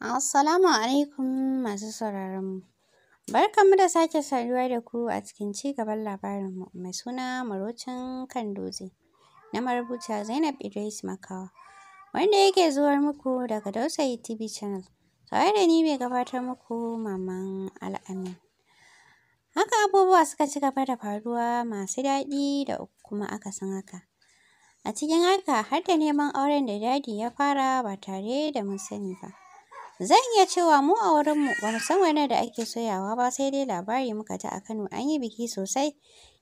Assalamu alaikum masu sauraron mu. Barkanmu da sake saduwa da ku a cikin ci gaban labarinmu mai suna Marocin Kandoze na marubuta Zainab Idris Makawa wanda yake zuwa muku daga Dausayi TV channel tare da ni mai gabatar muku Maman Al'amin. Haka abubuwa suka ci gaba da faruwa masu daɗi da kuma aka san haka. A cikin haka har da neman auren da dadi ya fara ba tare da mun sani ba. Zan iya cewa mu a wurinmu ba mu san da ake soyawa ba sai dai labari muka ta a Kano an yi biki sosai.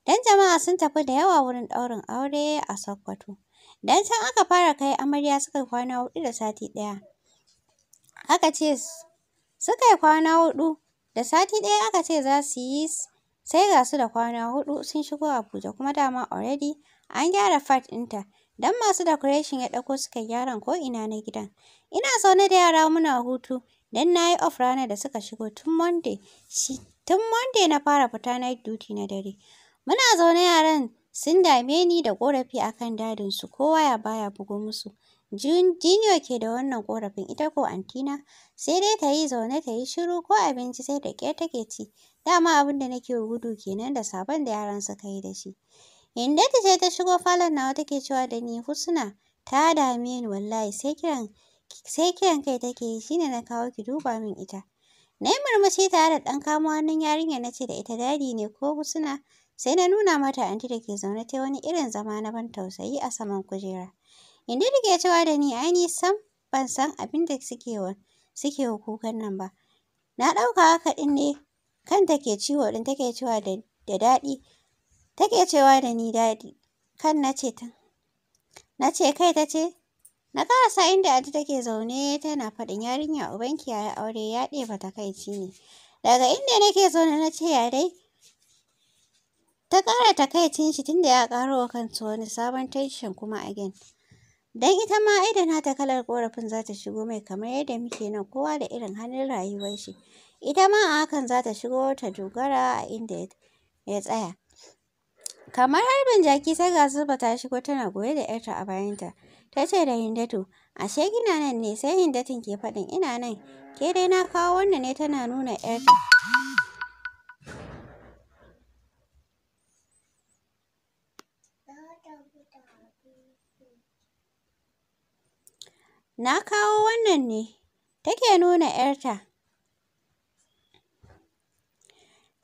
Dan jama'a sun tafi da yawa wurin ɗaurin aure a Sokoto. Dan san aka fara kai amarya suka kwana huɗu da sati ɗaya. Aka ce suka yi kwana huɗu da sati ɗaya aka ce za su yi sai ga su da kwana huɗu sun shigo Abuja kuma dama already an gyara fat ɗinta. don masu decoration ya ɗauko suka gyaran ko'ina na gidan. Ina zaune da yara muna hutu don na yi off ranar da suka shigo tun Monday. Tun Monday na fara fita night duty na dare. Muna zaune yaran sun dame ni da ƙorafi akan dadinsu kowa ya baya bugo musu. Junior ke da wannan ƙorafin ita ko antina sai dai ta yi zaune ta yi shiru ko abinci sai da ƙyar take ci. Dama abin da nake gudu kenan da sabon da yaran suka yi da shi. Inda ta ce ta shigo falon nawa take cewa da ni Husna ta dame ni wallahi sai kiran sai kiran kai take yi shine na kawo ki duba min ita. Na yi murmushi tare da ɗan kamo hannun yarinyar na ce da ita dadi ne ko Husna sai na nuna mata anti da ke zaune ta wani irin zama na ban tausayi a saman kujera. Inda take cewa da ni ai ni sam ban san abin da suke wa suke wa kukan nan ba. Na ɗauka haka ɗin ne kanta ke ciwo ɗin take cewa da da daɗi Take cewa da ni dadi. Kan na ce ta. Na kai ta ce. Na karasa inda aji take zaune tana faɗin yarinya ubanki ya aure ya ɗeba takaici ne. Daga inda nake zaune na ce ya dai. Ta ƙara takaicin shi tunda ya ƙaro wa kansa wani sabon tension kuma a again. Dan ita ma ai da nata kalar korafin za ta shigo mai kamar yadda muke nan kowa da irin hannun rayuwar shi. Ita ma a hakan za ta shigo ta dogara a inda ya tsaya. Kamar harbin jaki sai ga zuba ta shigo tana goye da ‘yarta a bayanta. Ta ce da Hindatu, ashe gina nan ne sai Hindatin ke faɗin ina nan. Ke dai na kawo wannan ne tana nuna ‘yarta. Na kawo wannan ne, take nuna ‘yarta.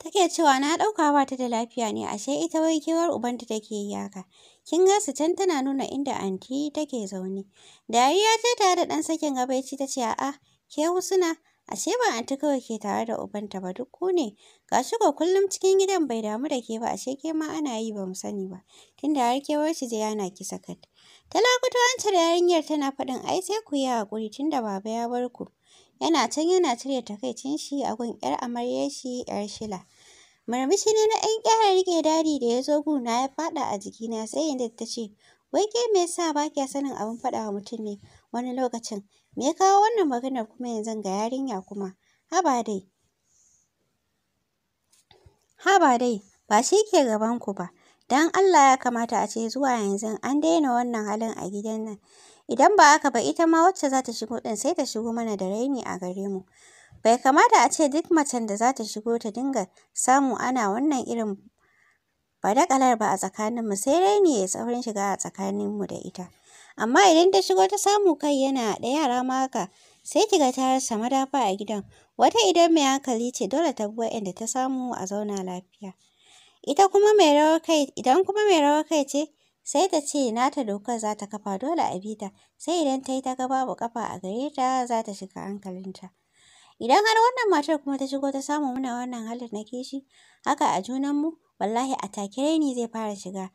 Take cewa na ɗauka ba ta da lafiya ne ashe ita wai kewar ubanta take yi haka. Kin ga su can tana nuna inda anti take zaune. Dariya ta tare da ɗan sakin gabaici ta ce a'a ke husuna ashe ba anti kawai ke tare da ubanta ba duk ku ne. Ga shi ko kullum cikin gidan bai damu da ke ba ashe ke ma ana yi ba mu sani ba. Tunda har kewar shi je yana ki sakat. da yarinyar tana faɗin ai sai ku yi hakuri tunda baba ya bar ku. Yana can yana cire takaicin shi a gun 'yar amaryar shi 'yar Shila. Murmushi ne na ɗan ƙyara riƙe dadi da ya zo guna ya faɗa a jikina sai yadda ta ce, wai ke me yasa ba kya sanin abin faɗa wa mutum ne wani lokacin? Me ya kawo wannan maganar kuma yanzu ga yarinya kuma? Haba dai. Haba dai, ba shi ke gabanku ba. Don Allah ya kamata a ce zuwa yanzu an daina wannan halin a gidan nan. Idan ba aka ba ita ma wacce za ta shigo ɗin sai ta shigo mana da raini a gare mu. Bai kamata a ce duk macen da za ta shigo ta dinga samu ana wannan irin ba kalar ba a tsakanin mu sai raini ya saurin shiga a mu da ita. Amma idan ta shigo ta samu kai yana da yara ma haka sai kiga ta rasa madafa a gidan. Wata idan mai hankali ce dole ta bi wa'inda ta samu a zauna lafiya. Ita kuma mai rawar kai idan kuma mai rawar kai ce sai ta ce nata dokar za ta kafa dole a bi ta sai idan ta yi ta ga babu kafa a gare ta za ta shiga hankalinta. Idan har wannan matar kuma ta shigo ta samu muna wannan halin na kishi haka a junanmu wallahi a take raini zai fara shiga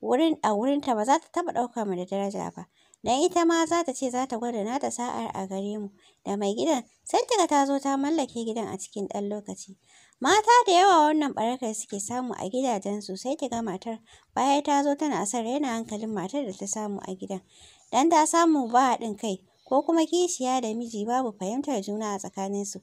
wurin a wurin ta ba za ta taɓa ɗaukar mu da daraja ba. Dan ita ma za ta ce za ta gwada nata sa'ar a gare mu da mai gidan sai ta ta zo ta mallake gidan a cikin ɗan lokaci. Mata da yawa wannan ɓarakar suke samu a gidajensu sai kaga matar bayan ta zo tana son raina hankalin matar da ta samu a gidan. Dan ta samu ba haɗin kai ko kuma kishiya da miji babu fahimtar juna a tsakaninsu.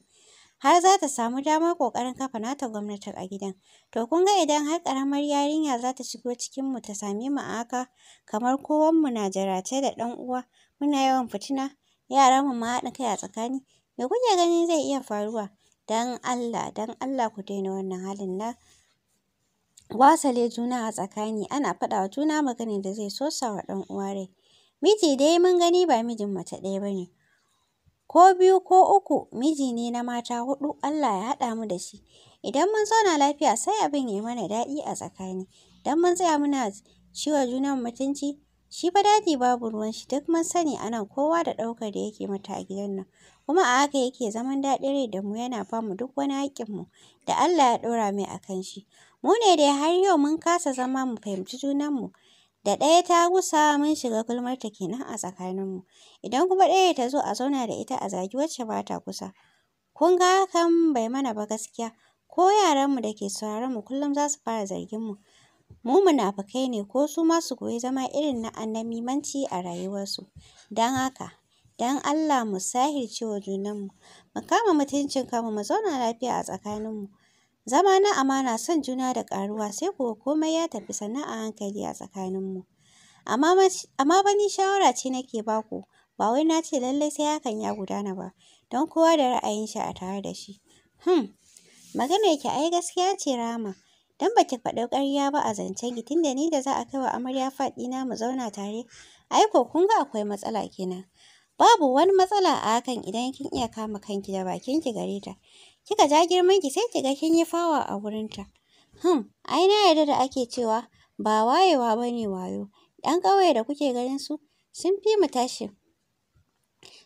Har za ta samu damar ƙoƙarin kafa nata gwamnatin a gidan. To kun ga idan har ƙaramar yarinya za ta shigo cikinmu ta sami mu a haka kamar kowanmu na jarace da ɗan uwa muna yawan fitina yaranmu ma haɗin kai a tsakani me kuke ganin zai iya faruwa? Dan Allah, dan Allah ku daina wannan halin na wasale juna a tsakani ana faɗawa juna magani da zai so wa dan uwa rai. Miji dai mun gani ba mijin mace ɗaya ba ne. Ko biyu ko uku miji ne na mata huɗu Allah ya haɗa mu da shi. Idan mun zauna lafiya sai abin ya mana daɗi a tsakani. Dan mun tsaya muna ciwa junan mutunci shi fa daji babu ruwan shi duk mun sani anan kowa da ɗaukar da yake mata a gidan nan kuma a haka yake zaman daɗin rai da mu yana ba duk wani mu. da Allah ya ɗora mai a kan shi. Mu ne dai har yau mun kasa zama mu fahimci junan mu. Da ɗaya ta gusa mun shiga gulmarta kenan a tsakanin mu. Idan kuma ɗaya ta zo a zauna da ita a zagi wacce ba ta kusa. Kun ga hakan bai mana ba gaskiya. Ko yaranmu da ke mu kullum za su fara zargin Mu Mu munafukai ne ko su ma su goyi zama irin na annabimanci a rayuwarsu. Don haka. don Allah mu sahirce wa junanmu, mu kama mutuncin kanmu mu zauna lafiya a tsakaninmu. Zama na amana son juna da karuwa sai kuwa komai ya tafi sannan a hankali a tsakaninmu. Amma bani shawara ce nake baku, ba wai na ce lallai sai hakan ya gudana ba, don kowa da ra'ayin shi a tare da shi. Hmm, maganar ki ai gaskiya ce Rama. Dan baki faɗi ƙarya ba a zancen ki tunda ni da za a kai wa amarya faɗi na mu zauna tare. Ai ko kun ga akwai matsala kenan. Babu wani matsala a hakan idan kin iya kama kanki da bakinki gare ta. Kika ja girman ki sai kiga kin yi fawa a wurinta. Hmm, ai na yarda da ake cewa ba wayewa ba ne wayo. ‘Yan ƙauye da kuke ganin su sun fi mu tashin.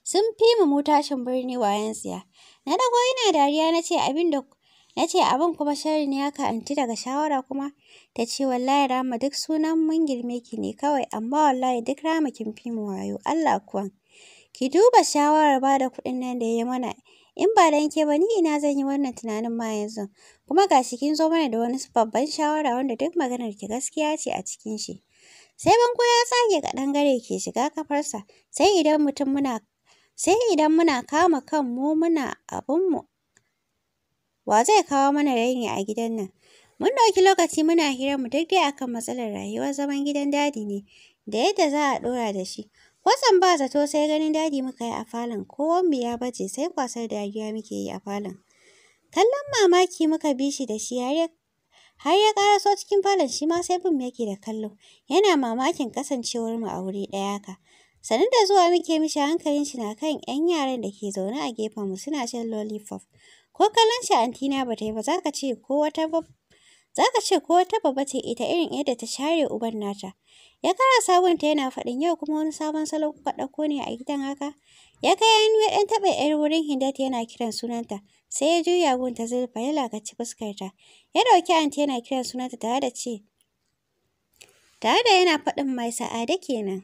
Sun fi mu mu tashin birni wayan tsiya. Na dago ina dariya na ce abin da na ce abin kuma sharri ne haka anti daga shawara kuma ta ce wallahi rama duk sunan mun girme ki ne kawai amma wallahi duk rama kin fi mu wayo Allah kuwa. Ki duba shawarar ba da kuɗin nan da ya yi mana. In ba dan ke ba ni ina zan yi wannan tunanin ma yanzu. Kuma ga shi kin zo mana da wani babban shawara wanda duk maganar ki gaskiya ce a cikin shi. Sai bango ya tsage kaɗan gare ke shiga kafarsa. Sai idan mutum muna sai idan muna kama mu. muna mu Wa zai kawo mana raini a gidan nan? Mun ɗauki lokaci muna hira mu duk dai akan matsalar rayuwar zaman gidan dadi ne da yadda za a ɗora da shi. Watsan ba zato sai ganin dadi muka yi a falon ko mu ya bace sai kwasar dariya muke yi a falon. Kallon mamaki muka bi shi da shi har har ya karaso cikin falon shi ma sai bin yake da kallo. Yana mamakin kasancewar mu a wuri ɗaya ka. Sanin da zuwa muke mishi hankalin shi na kan 'yan yaran da ke zaune a gefen mu suna shan lollipop. Ko kallon shi antina ba ta yi ba za ka ce ko wata Za ka ce ko wata babba ce ita irin yadda ta share uban nata. Ya kara sabunta yana faɗin yau kuma wani sabon salo kuka ɗauko ne a gidan haka. Ya kai hannu ya ɗan taɓa ‘yar wurin Hindata yana kiran sunanta. Sai ya juya gun ta zulfa ya lakaci fuskarta. Ya ɗauki anti yana kiran sunanta tare da ce. Tare da yana faɗin mai sa'ada kenan.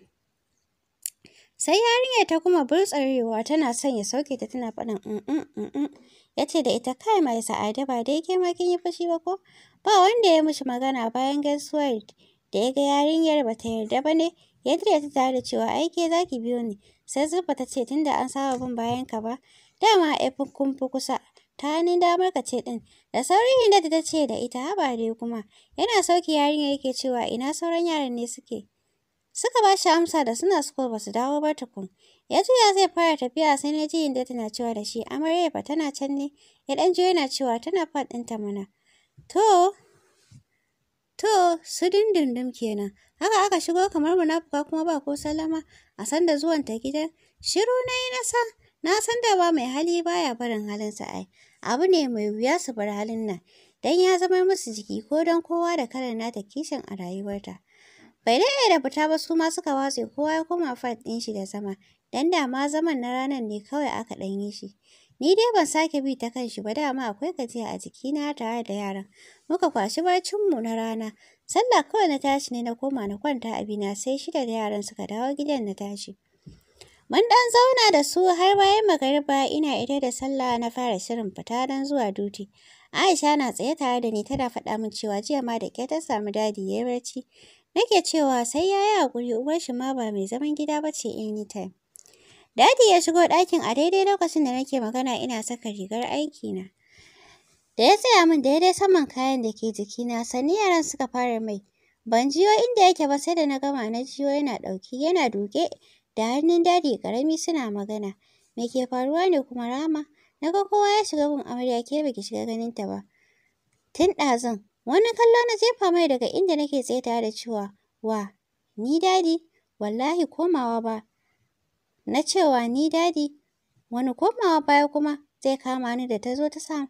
Sai yarinyar ta kuma burtsarewa tana son ya sauke ta tana faɗin mm, mm, mm, mm. ya ce da ita kai mai sa'ada ba dai ke makin yi fushi ba ko ba wanda ya mishi magana bayan gaisuwar da ya ga yarinyar ba ta yarda ba ne ya dire ta tare da cewa ai ke za biyo ni sai zuba ta ce tunda an saba bin bayan ka ba dama ai kun fi kusa ta hannun damar ka ce din da sauri inda ta ce da ita ba dai kuma yana sauki yarinyar yake cewa ina sauran yaran ne suke Suka ba shi amsa da suna suko ba su dawo ba tukun. Ya juya zai fara tafiya sai na ji inda tana cewa da shi amarya ba tana can ne. Ya ɗan ji yana cewa tana fat ta mana. To, to su dindindim kenan. Haka aka shigo kamar munafuka kuma ba ko salama a sanda zuwan ta gidan. Shiru na yi nasa, na san da ba mai hali baya barin halinsa ai. Abu ne mai wuya su bar halin nan. Dan ya zama musu jiki ko don kowa da kalar nata kishin a rayuwarta. Bai daɗe da fita ba su ma suka watse kowa ya koma fat ɗin shi da zama. Dan da ma zaman na ranar ne kawai aka ɗan yi shi. Ni dai ban sake bi ta kan shi ba dama akwai gajiya a jikina tare da yaran. Muka kwashi barcinmu na rana. Sallah kawai na tashi ne na koma na kwanta a bina sai shida da yaran suka dawo gidan na tashi. Mun ɗan zauna da su har bayan magariba ina ita da sallah na fara shirin fita don zuwa duti. Aisha na tsaye tare da ni tana faɗa min cewa jiya ma da ke ta samu dadi ya barci. Nake cewa sai ya yi haƙuri shi ma ba mai zaman gida ba ce anytime. Dadi ya shigo ɗakin a daidai lokacin da nake magana ina saka rigar aikina. Da ya tsaya min daidai saman kayan da ke jikina sannan yaran suka fara mai. Ban jiyo inda yake ba sai da na gama na jiyo yana ɗauki yana duke da hannun dadi ƙarami suna magana. Me ke faruwa ne kuma Rama? Na ga kowa ya shiga min amarya ke ki shiga ganin ta ba. Tun ɗazun Wani kallo na jefa mai daga inda nake tsaye da cewa, wa, ni dadi, wallahi komawa ba. Na cewa ni dadi, wani komawa baya kuma zai kama ni da ta zo ta samu.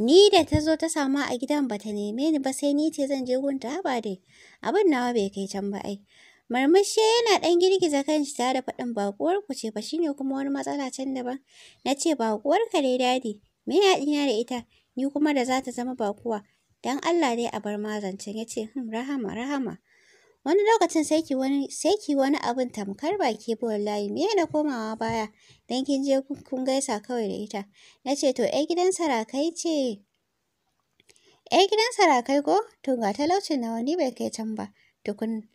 Ni da ta zo ta samu a gidan bata ta neme ni ba sai ni ce zan je gunta ba dai. Abin nawa bai kai can ba ai. Marmashe yana ɗan girgiza kanshi tare da faɗin baƙuwar ku ce ba shine kuma wani matsala can daban. Na ce baƙuwar ka dai dadi, me yaɗina da ita, ni kuma da za ta zama baƙuwa. don Allah dai a bar mazancin ya ce hmm, rahama rahama wani lokacin sai ki wani sai wani abin tamkar baki bu wallahi me na komawa baya dan kin je kun gaisa kawai da ita nace to ai gidan sarakai ce ai gidan sarakai ko to ga talaucin na wani bai kai can ba tukun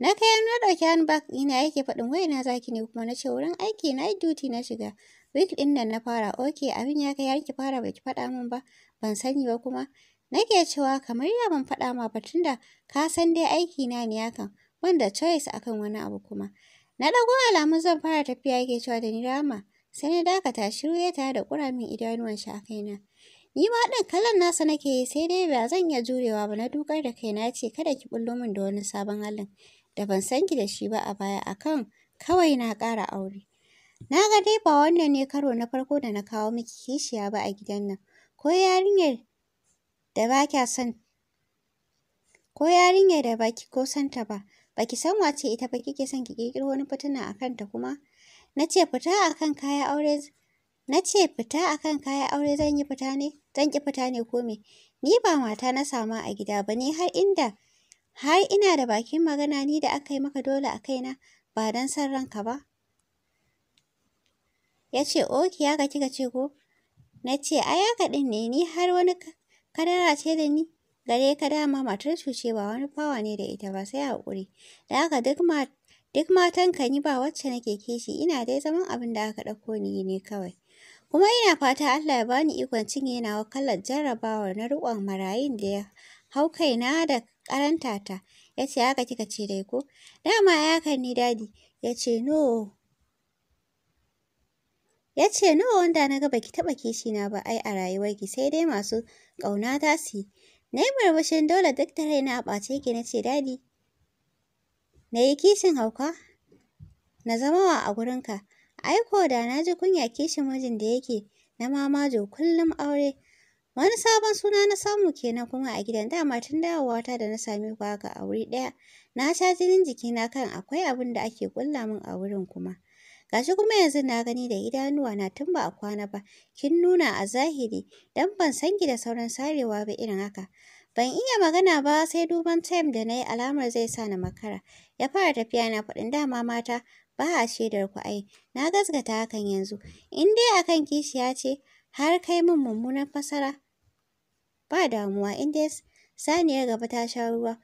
na kai na dauki handbag ina yake faɗin wai na zaki ne kuma na ce wurin aiki na duti na shiga week din nan na fara okay abin ya kai har ki fara bai ki faɗa min ba ban sani ba kuma Nake cewa kamar ya ban faɗa ma batun da ka san dai aiki na ne hakan wanda choice akan wani abu kuma. Na ɗago alamun zan fara tafiya yake cewa da ni rama sai na dakata shiru ya tare da ƙuramin idanuwan shi a kaina. Ni ma ɗin kallon nasa nake yi sai dai ba zan iya jurewa ba na dukar da kaina ce kada ki bullo min da wani sabon halin da ban san ki da shi ba a baya akan kawai na ƙara aure. Na ga dai ba wannan ne karo na farko da na kawo miki kishiya ba a gidan nan. Ko yarinyar da ba kya san ko yarinyar da baki ko santa ba baki san wace ita ba kike son ki kirkiro wani fitina a kanta kuma na ce fita akan kayan aure na fita akan kayan aure zan yi fita ne zan ki fita ne ko me ni ba mata na sama a gida ba ne har inda har ina da bakin magana ni da aka yi maka dole a kaina ba dan san ranka ba ya ce oki ya kika ce ko na ce ai haka din ne ni har wani Kadara ce da ni gare ka dama matar cuce ba wani fawa ne da ita ba sai haƙuri. Da haka duk matan ka ni ba wacce nake kishi ina dai zaman abin da aka ɗauko ni ne kawai. Kuma ina fata Allah ya bani ikon cinye nawa kalar jarrabawa na riƙon marayun da ya hau kaina da karanta ta. Ya ce haka kika ce dai ko? Dama ya hakan dadi. Ya ce no. Ya ce, nawa wanda na ga baki taɓa kishina ba ai a rayuwarki sai dai masu ƙauna ta su yi. Na yi murmushin dole duk da raina a ɓace ki na ce, dadi. Na yi kishin hauka? Na zama wa a gurinka. Aiko da na ji kunya kishin mijin da yake na mamajo kullum aure. Wani sabon suna na samu kenan kuma a gidan dama tun dawowata da na sami ku haka a wuri ɗaya. Na sha jinin jikina kan akwai abin da ake ƙulla min a wurin kuma. Gashi kuma yanzu na gani da idanuwa na tun ba a kwana ba, kin nuna a zahiri, dan ban san ki da sauran sarewa ba irin haka. Ban iya magana ba sai duban time da na yi alamar zai sa na makara. Ya fara tafiya na faɗin dama mata ba a shaidar ku ai, na gasgata hakan yanzu. In dai akan kishiya ce, har kai min mummunan fasara. Ba damuwa in dai saniyar gaba ta sha ruwa.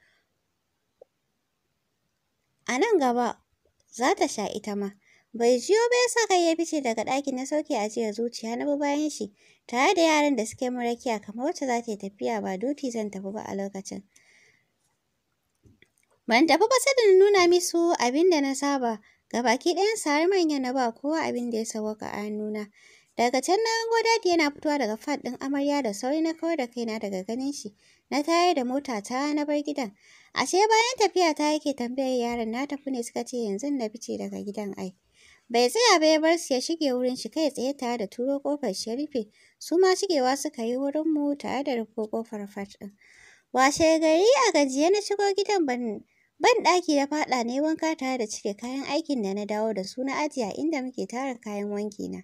A nan gaba za ta sha ita ma. Bai jiyo ba yasa kai ya fice daga ɗakin na sauke a jiya zuciya na bi bayan shi tare da yaran da suke mu rakiya kamar wacce za ta yi tafiya ba duti zan tafi ba a lokacin. Ban tafi ba sai da na nuna musu abin da na saba ga baki ɗayan har manya na ba kowa abin da ya ka a nuna. Daga can na hango dadi yana fitowa daga fat ɗin amarya da sauri na kawar da kaina daga ganin shi. Na tayar da mota ta na bar gidan. Ashe bayan tafiya ta yake tambayar yaran na tafi ne suka ce yanzu na fice daga gidan ai. Bai tsaya ba ya bar su ya shige wurin shi kai tsaye tare da turo kofar shi ya rufe. Su ma shigewa suka yi wurin mu tare da rufe kofar fat ɗin. Washe gari a gajiye na shigo gidan ban ban daki na faɗa ne wanka tare da cike kayan aikin da na dawo da su na ajiya inda muke tara kayan wanki na.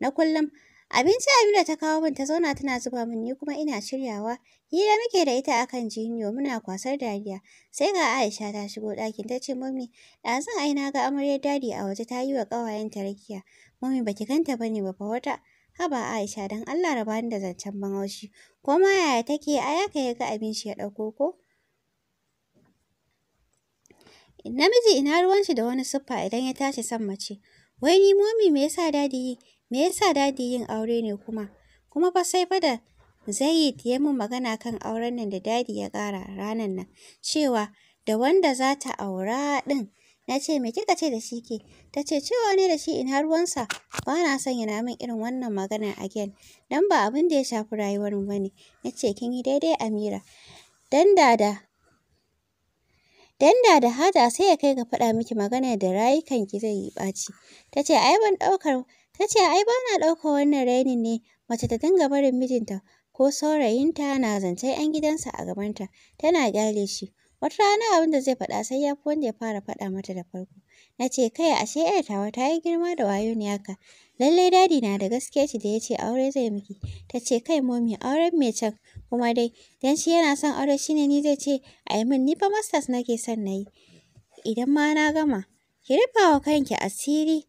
Na kullum Abinci abinda ta kawo min ta zauna tana zuba min ni kuma ina shiryawa. Hira muke da ita akan jiniyo muna kwasar dariya. Sai ga Aisha ta shigo ɗakin ta ce mami ɗazun ai na ga amaryar dadi a waje ta yi wa ƙawayenta rakiya. Mami baki kanta ba ne ba fa wata. Haba Aisha dan Allah raba ni da zancen banhaushi. Ko ma yaya take ai haka ya ga abin shi ya ɗauko ko? Namiji ina ruwan shi da wani siffa idan ya tashi san mace. Wai ni momi me yasa dadi Me yasa dadi yin aure ne kuma? Kuma fa sai fa da Zayid ya min magana kan auren nan da dadi ya ƙara ranan nan cewa da wanda za ta aura ɗin. Na ce me kika ce da shi ke? Ta ce cewa ne da shi ina ruwansa. Ba na son yana min irin wannan magana again. Dan ba abin da ya shafi rayuwar mu bane. Na ce kin yi daidai Amira. Dan da da Dan da hada sai ya kai ga faɗa miki magana da rayukan ki zai yi ɓaci. Ta ce ai ban ɗaukar Ta ce ai ba na ɗaukar wannan rainin ne mace ta dinga barin mijinta ko saurayinta na zance 'yan gidansa a gabanta tana gyale shi. Wata rana abin da zai faɗa sai ya fi wanda ya fara faɗa mata da farko. Na ce kai ashe ‘yar tawa ta yi girma da wayo ne haka. Lallai dadi na da gaske ce da ya ce aure zai miki. Ta ce kai momi auren mai can kuma dai dan shi yana son aure shine ni zai ce a yi min ni masters nake son na yi. Idan ma na gama ki rufa wa kanki asiri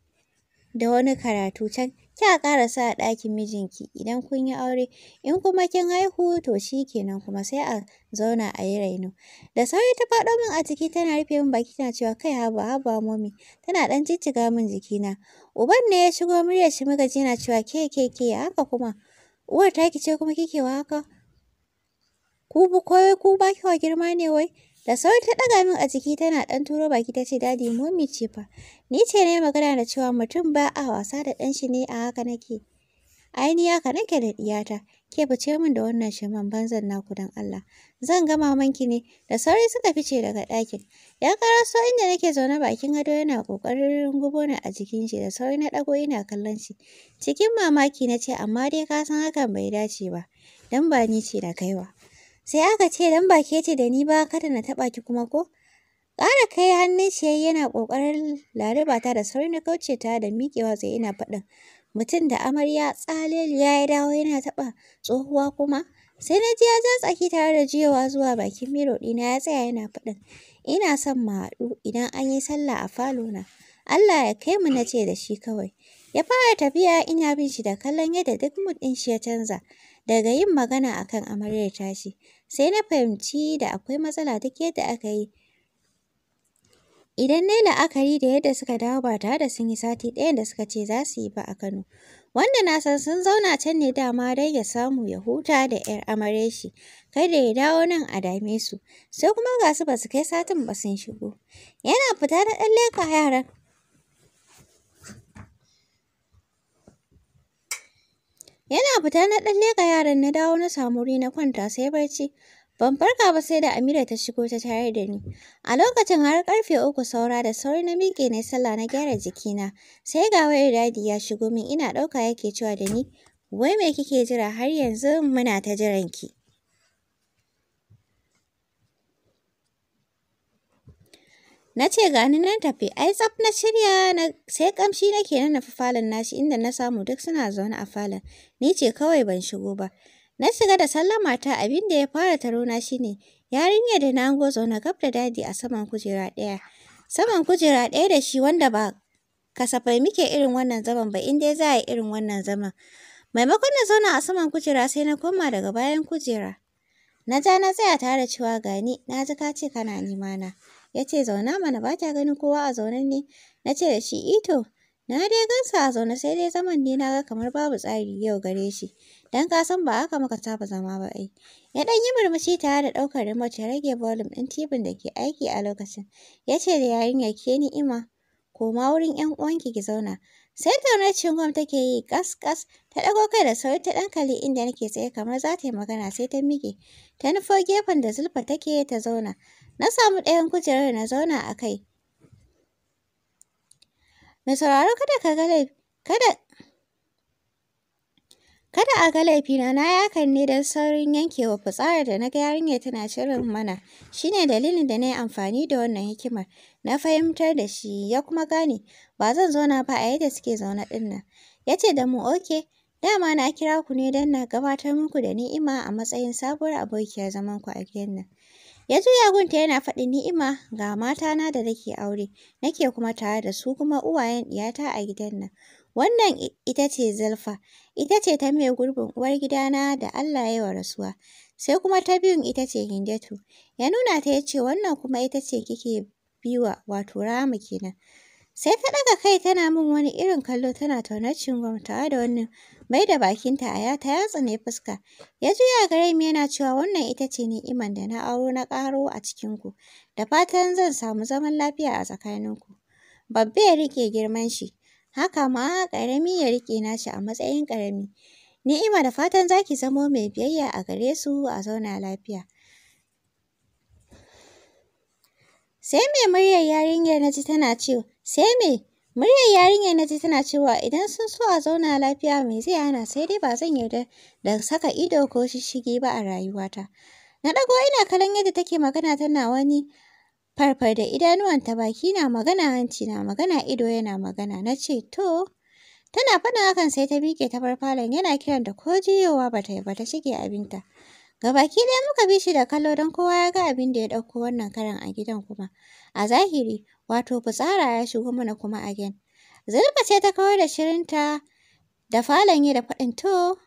da wani karatu can kya sa a ɗakin mijinki idan kun yi aure in kuma kin haihu to shi kenan kuma sai a zauna a yi raino da sauri ta faɗo min a ciki tana rufe min baki tana cewa kai haba haba mami tana ɗan jijjiga min jikina uban ne ya shigo muryar shi ji yana cewa ke ke ke haka kuma uwar taki ce kuma kike wa haka ku kowai ku ba wa girma ne wai Da sauri ta ɗaga min a jiki tana ɗan turo baki ta ce dadi momi ce fa. Ni ce na magana da cewa mutum ba a wasa da ɗan shi ne a haka nake. Aini haka nake da ɗiyata. Ke fice min da wannan shiman banzan naku don Allah. Zan gama manki ne. Da sauri suka fice daga ɗakin. Ya karaso inda nake zaune bakin gado yana ƙoƙarin gubo ni a jikin shi da sauri na ɗago ina kallon shi. Cikin mamaki na ce amma dai ka san hakan bai dace ba. Dan ba ni ce na kaiwa. Sai aka ce dan ba ke ce da ni ba kada na taba ki kuma ko? Ƙara kai hannun shi yayi yana ƙoƙarin lariba ta da sauri na kauce ta da mikewa sai ina fadin. Mutum da amarya tsalil ya yi dawo yana taba tsohuwa kuma. Sai na ji ya ja tsaki tare da jiyowa zuwa bakin miro ɗina ya tsaya yana faɗin. Ina son mu haɗu idan an yi sallah a falo na Allah ya kai mu na ce da shi kawai. Ya fara tafiya ina bin shi da kallon yadda duk mood shi ya canza. daga yin magana akan amaryar tashi, sai na fahimci da akwai matsala duk yadda aka yi. Idan nayi la'akari da yadda suka dawo ba tare da sun yi sati ɗayan da suka ce za su yi ba a Kano, wanda na san sun zauna can ne dama don ya samu ya huta da 'yar amare shi, kai da ya dawo nan a dame su, sai kuma ga su ba su kai satin ba sun shigo. Yana fita da ɗan leƙa yaran. Yana fita na ɗan leƙa yaran na dawo na samu wuri na kwanta sai barci. Ban farka ba sai da Amira ta shigo ta tare da ni. A lokacin har karfe uku saura da sauri na miƙe na sallah na gyara jikina. Sai ga wayar dadi ya shigo min ina ɗauka yake cewa da ni, wai me kike jira har yanzu muna ta jiranki. Na ce gani nan tafi, ai tsaf na shirya na sai kamshi nake na nufi falon nashi inda na samu duk suna zaune a falon. Ni ce kawai ban shigo ba. Na shiga da sallama ta abin da ya fara taro na shine yarinya da na ango zaune gab da dadi a saman kujera ɗaya. Saman kujera ɗaya da shi wanda ba kasafai muke irin wannan zaman ba in dai za a yi irin wannan zaman. Maimakon na zauna a saman kujera sai na koma daga bayan kujera. Na ja na tsaya tare cewa gani na ji ka ce kana nima na. Ya ce zauna mana ba ta ganin kowa a zaune ne. Na ce da shi ito. Eh na dai gansa a zaune sai dai zaman ne na ga kamar babu tsari yau gare shi. Dan ka san ba haka maka saba zama ba ai. Ya dan yi murmushi tare da ɗaukar remote ya rage volume ɗin tibin da ke aiki a lokacin. Ya ce da yarinya ke ni'ima. Koma wurin 'yan uwanki ki zauna. Sai taunar cingom take yi kas-kas, ta ɗago kai da sauri ta dankali kalli inda nake tsaye kamar za ta yi magana sai ta mike Ta nufo gefen da Zulfa take ta zauna. Na samu ɗayan kujerar na zauna a kai. Mai sauraro kada ka ga laifi, kada Kada a ga laifina na yakan ne don saurin yankewa fitsarar da na ga yarinya tana shirin mana. Shi ne dalilin da na yi amfani da wannan hikimar. Na fahimtar da shi ya kuma gane ba zan zauna ba a yadda suke zaune ɗin nan. Ya ce da mu oke, dama na kira ku ne don na gabatar muku da ni'ima a matsayin sabuwar abokiyar zamanku a gidan nan. Ya juya gunta yana faɗin ni'ima ga matana da nake aure, nake kuma tare da su kuma uwayen ɗiyata a gidan nan. Wannan ita ce zalfa. ita ce ta mai gurbin uwar gidana da Allah ya yi wa rasuwa. Sai kuma ta biyun ita ce Hindatu. Ya nuna ta ya ce wannan kuma ita ce kike biwa wato Rahama kenan. Sai ta ɗaga kai tana min wani irin kallo tana taunar cingomtawa da wannan mai da bakinta a yata yatsa ne fuska. Ya juya gare mu yana cewa wannan ita ce ni'iman da na auro na karo a cikinku. Da fatan zan samu zaman lafiya a tsakanin ku Babba ya rike girman shi, haka ma karami ya rike nashi a matsayin ƙarami. Ni'ima da fatan zaki zamo mai biyayya a gare su a zauna lafiya. Sai mai muryar yarinyar na ji tana cewa Sai me? Muryar yarinyar na ji tana cewa idan sun so a zauna lafiya mai zai hana sai dai ba zan yarda da saka ido ko shishigi ba a rayuwata. Na ɗago ina kallon yadda take magana tana wani farfar da ta baki na magana hanci na magana ido yana magana na ce to tana faɗin hakan sai ta miƙe ta farfalon yana kiran da ko jiyowa ba ta ba ta shige abinta. Gabaki dai muka bi shi da kallo don kowa ya ga abin da ya ɗauko wannan karan a gidan kuma. A zahiri, wato fitsara ya shigo mana kuma a again. Zulfa sai ta kawar da shirinta da falon yi da faɗin to.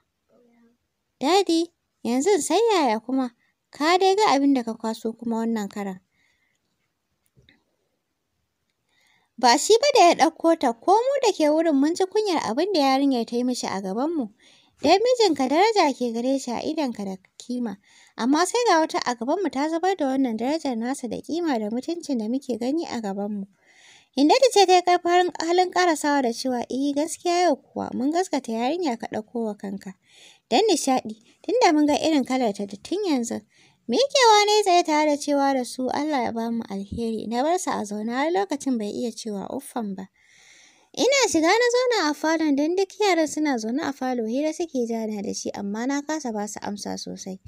Dadi, yanzu sai yaya kuma, ka dai ga abin da ka kwaso kuma wannan karan. Ba shi ba da ya ɗauko ta ko mu da ke wurin mun ji kunyar abin da yarinyar ta yi mishi a gabanmu. Dan mijinka daraja ke gare shi a idonka da kima. Amma sai ga wata a gabanmu ta zubar da wannan darajar nasa da kima da mutuncin da muke gani a gabanmu. ta ce ta yi ƙarfin halin ƙarasawa da cewa eh gaskiya yau kuwa mun gaskata yarinya ka ɗauko wa kanka. Dan nishaɗi tunda mun ga irin kalarta da tun yanzu. Mikewa ne tsaye tare da cewa da su Allah ya ba mu alheri na bar sa a zaune har lokacin bai iya cewa uffan ba. Ina shiga na zauna a falon don duk yaran suna zaune a falo hira suke jana da shi amma na kasa ba su amsa sosai.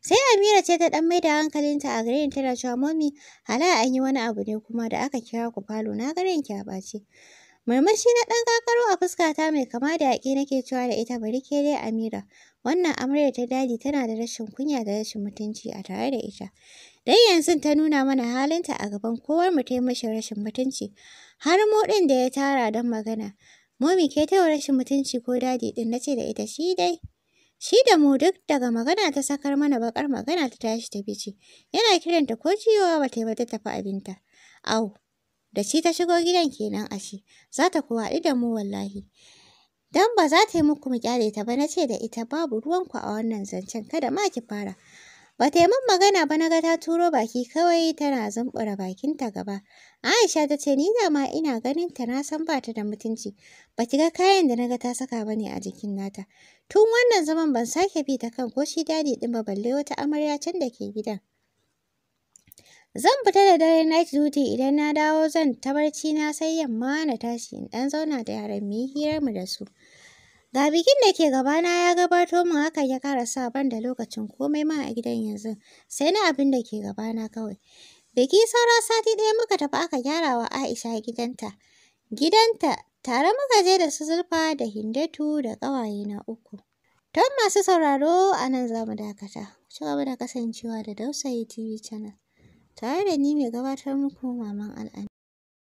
Sai Amira ce ta dan maida hankalinta a gare ni tana cewa mami hala an yi wani abu ne kuma da aka kira ku falo na garin ki a ɓace. Murmushi na ɗan kakaro a fuskata mai kama da yaƙi nake cewa da ita bari ke dai Amira. Wannan amarya ta dadi tana da rashin kunya da rashin mutunci a tare da ita. Dan yanzu ta nuna mana halinta a gaban kowar mu ta mishi rashin mutunci. Har mu ɗin da ya tara don magana. Momi ke ta rashin mutunci ko dadi ɗin nace da ita shi dai. Shi da mu duk daga magana ta sakar mana bakar magana ta tashi ta bice. Yana kiranta ko ciyowa ba ta yi ba ta tafi abinta. Au. Da shi ta shigo gidan kenan ashe. Za ta kuwa da mu wallahi. Dan ba za ta yi muku mu kyale ta ba na ce da ita babu ruwanku a wannan zancen kada ma ki fara. Ba ta yi min magana ba na ga ta turo baki kawai tana zumbura bakinta gaba. Aisha ta ce ni da ina ganin ta na san ba ta da mutunci. Ba ki ga kayan da na ga ta saka ba ne a jikin nata. Tun wannan zaman ban sake bi ta kan ko shi dadi din ba balle wata amarya can da ke gidan. Zan fita da dare night duty idan na dawo zan ta barci na sai yamma na tashi in ɗan zauna da yaran mu yi hirar mu da su. Ga bikin da ke gabana ya gabato min haka ya ƙara sa ban da lokacin komai ma a gidan yanzu sai na abin da ke gabana kawai. Biki saura sati ɗaya muka tafi aka gyara wa Aisha gidanta. Gidanta tare muka je da su Zulfa da Hindatu da ƙawaye na uku. Don masu sauraro a nan za mu dakata. Ku ci gaba da kasancewa da Dausayi TV Channel. Tare da ni mai gabatar muku Maman Al'amin.